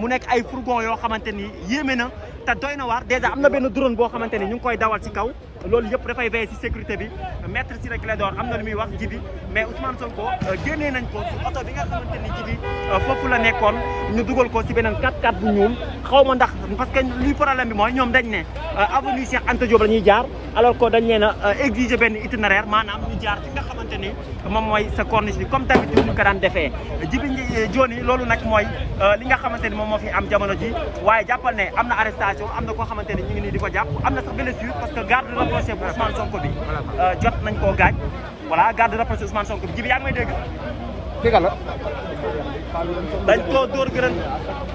mu nekk ay fourgon yoo xamante ni yéeme na te doy na waar dèjà am na benn drone boo xamante ni ñu ngi koy dawal ci kaw loolu yëpp dafay veillé si sécurité bi maître Ciré Clédor am na lu muy wax ji bi mais Ousmane Sonko euh, génnee nañ ko ci oto bi nga xamante ni ji euh, foofu la nekkoon ñu dugal ko ci beneen 4 x bu ñuul xaw ma ndax parce que luy problème bi mooy ñoom dañ ne euh, avenue Cheikh Anta Diop la ñuy jaar alors que dañ leen a exiger benn itinéraire maanaam ñu jaar ci nga xamante ni moom mooy sa corniche bi comme tamit ñu ko daan defee ji bi joni loolu nag mooy li nga xamante ni moom moo fi am jamono ji waaye jàppal ne na arrestation am na koo xamante ni ñu ngi nii di ko jàpp am rapproché euh, jot nañ koo gaaj voilà garde rapproché Ousmane Sonko bi ji bi yaa ngi may dégg dëggal la dañ koo dóor gërën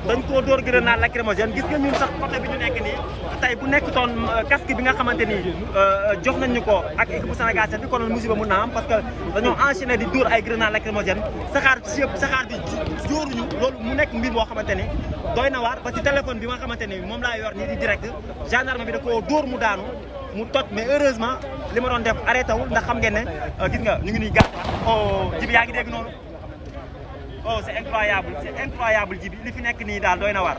dañ koo dóor gërën naan lacrymogène gis nga ñun sax côté bi ñu nekk nii tey bu nekk toon euh, casque bi nga xamante ni euh, jox nañ ñu ko ak équipe Sénégal set bi konoon musiba mun naa am parce que dañoo enchaîné di dóor ay grenade lacrymogène saxaar saxaar bi jóoruñu loolu mu nekk mbir moo xamante ni doy na waar ba ci téléphone bi nga xamante ni moom laa yor nii di direct gendarme bi mu daanu mu tot mais heureusement li ma doon def arrêté wul ndax xam ngeen ne euh, gis nga ñu ngi nii gàtt oh jibi yaa ngi dégg noonu oh c'est incroyable c'est li fi nekk nii daal doy na war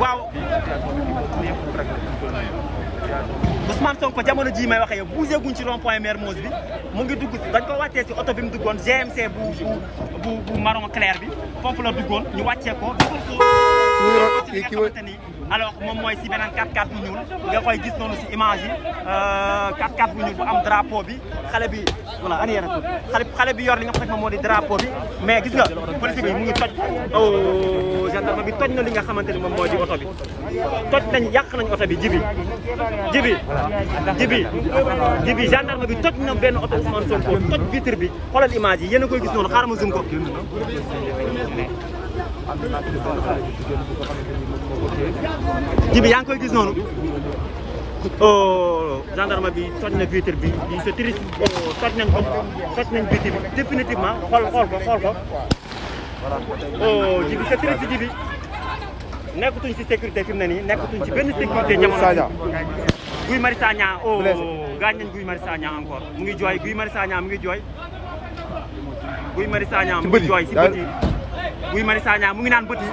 waaw Ousmane Sonko jamono jii may waxee yow bougé guñ ci rond point Mermoz bi mun ngi dugg dañ ko wàccee ci oto bi mu duggoon GMC bu bu bu marron clair bi pompe la duggoon ñu wàccee ko. muy rot kii kii alors moom mooy si beneen 4x4 bu ñuul nga gis noonu si image yi 4 euh, x bu ñuul bu am drapeau bi xale bi voilà ani yéen xale xale bi yor li nga xam ne moom moo di drapeau bi mais gis nga police bi mu ngi toj oh gendarme bi toj na li nga xamante ni moom moo di oto bi toj nañ yàq nañ oto bi jibi jibi jibi jibi gendarme bi toj na benn oto Ousmane Sonko toj vitre bi xoolal image yi yéen a koy gis noonu xaaral ma zoom ko jibi yaa ngi koy gis noonu oh gendarme bi toj na vitre bi lii c'est triste oh, toj nañ ko toj nañ vitre bi définitivement xool xool ko xool ko oh jibi c'est triste jibi nekkatuñ ci sécurité fi mu ne nii ci benn sécurité jamono Guy Marius Sagna oh gaañ nañ Guy Marius Sagna encore mu ngi jooy Guy Marius Sagna mu ngi jooy Guy Marius Sagna mu ngi jooy ci bët Guy Marius Sagna mu ngi naan bët yi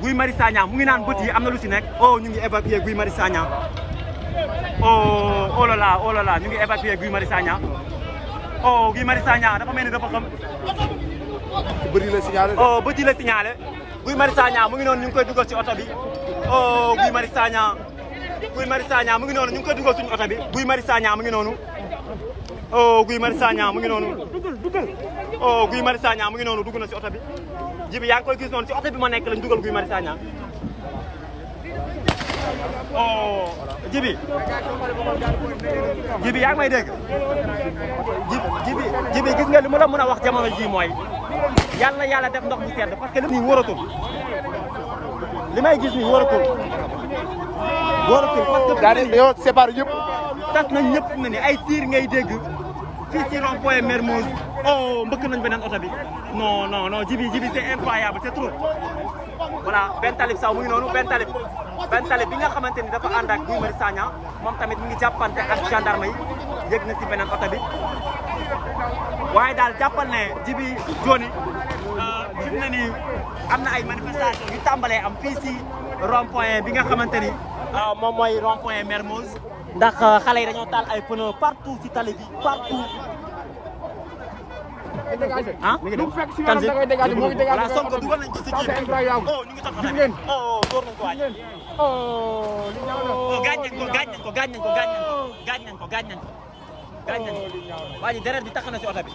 Guy Marius Sagna mu ngi naan bët yi am na lu si nekk oh ñu ngi évacuer Guy Marius Sagna oh oh là là oh là là ñu ngi évacuer Guy Marius Sagna oh Guy Marius Sagna dafa mel ni dafa xam. bët yi la signalé oh bët yi la signalé Guy Marius Sagna mu ngi noonu ñu ngi koy dugal ci oto bi oh Guy Marius Sagna Guy Marius Sagna mu ngi noonu ñu ngi koy dugal suñu oto bi Guy Marius Sagna mu ngi noonu. oh Guy Marius Sagna mu ngi noonu. oh Guy Marius Sagna mu ngi noonu dugg na si oto bi. jibi yaa ngi koy gis noonu ci oto bi ma nekk lañ dugal Guy Marius Sagna oh jibi jibi yaa ngi may jibi jibi gis nga li ma la mën a wax jamono ji mooy yàlla yàlla def ndox bu sedd parce que li nii wóoratul li may gis nii wóoratul wóoratul parce que daa ne yow séparé yëpp tas nañ ñëpp na ni ay tiir ngay dégg fii ci rond point Mermoz oh, nañ beneen oto bi non no non jibi jibi c'est incroyable c'est trop voilà benn talib saw mu ngi bi nga xamante ni dafa ànd ak Guy Marius Sagna moom tamit mu ngi jàppante ak gendarme yi yëg na ci beneen oto bi waaye daal jàppal ne jibi joni euh, fi mu ne nii am na ay manifestation yu tàmbalee am fii ci rond bi nga xamante ni euh, moom mooy rond point ndax xale yi dañoo taal ay pneu partout ci tali bi partout. ah Tanzil voilà Sonko dugal nañ ci sa ji bi oh ñu ngi toog xanaa bi oh door ko waaj. Oh, oh gaañ ko gaañ ko gaañ nañ ko gaañ nañ ko gaañ nañ ko gaañ nañ ko. Oh, waa ji deret bi tax na ci oto bi.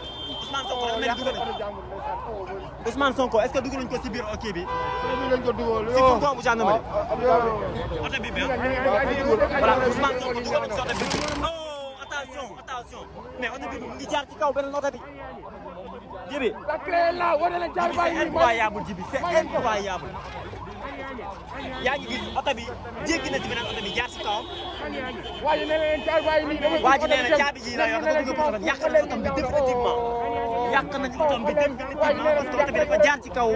Ousmane Sonko dafa mel ni Ousmane Sonko est-ce que dugg nañ ko ci biir kii bi. dinañ ko dugal ci fukki bu gendarmerie. Ah, ah, ah, oto bi bi voilà Ousmane Sonko dugal nañ ci oto bi. oh attention attention mais oto bi mu ngi jaar ci kaw beneen oto bi. Jibi. la wane la jaar bàyyi c'est incroyable Jibi c'est incroyable. yaa ngi gis oto bi jéggi na ci beneen oto bi jaar si kawam. waa ji nee na caabi ji la yor dafa bëgg a posé yàq nañ oto bi définitivement yàq nañ oto bi définitivement parce que bi dafa jaar ci kaw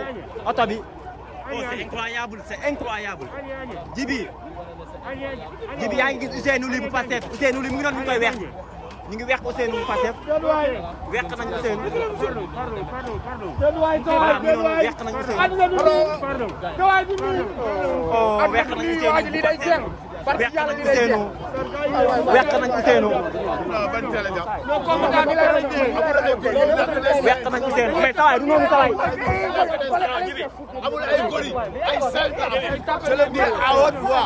oto bi. oh c' est incroyable c' jibi jibi yaa ngi gis Ousseynou Ly bu Pastef Ousseynou Ly mu ngi doon mu ngi koy ñu ngi weq Ousseynou Pastef weq nañ Ousseynou pardon pardon pardon den way to den way weq nañ Ousseynou pardon den way bi ni oh weq nañ Ousseynou li day jeex barki yàlla li day jeex weq nañ Ousseynou ban télé jàpp no combat bi la lay jeex weq nañ Ousseynou mais sa waay du noonu sa waay amul ay gori ay salta je le dis à haute voix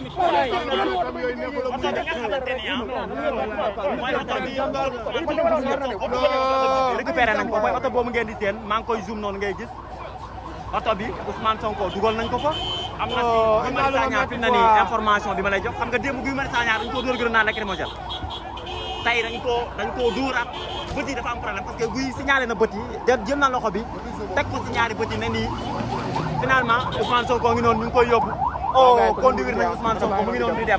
récupéré nañ ko mooy oto boobu ngeen di seen maa ngi koy zoom noonu ngay gis oto bi Ousmane Sonko dugal nañ ko fa am na oh, fi Guy Marius Sagna na ni information bi ma lay jox xam nga démb Guy Marius Sagna dañ koo dóor grenade lacrymogène tey dañ koo dañ koo dóoraat bët yi dafa am problème parce que guy signalé na bët yi de jël na loxo bi teg ko si ñaari bët yi ne nii finalement Ousmane ngi noonu ñu ngi koy yobu oh conduire nañ Ousmane Sonko mu ngi noonu di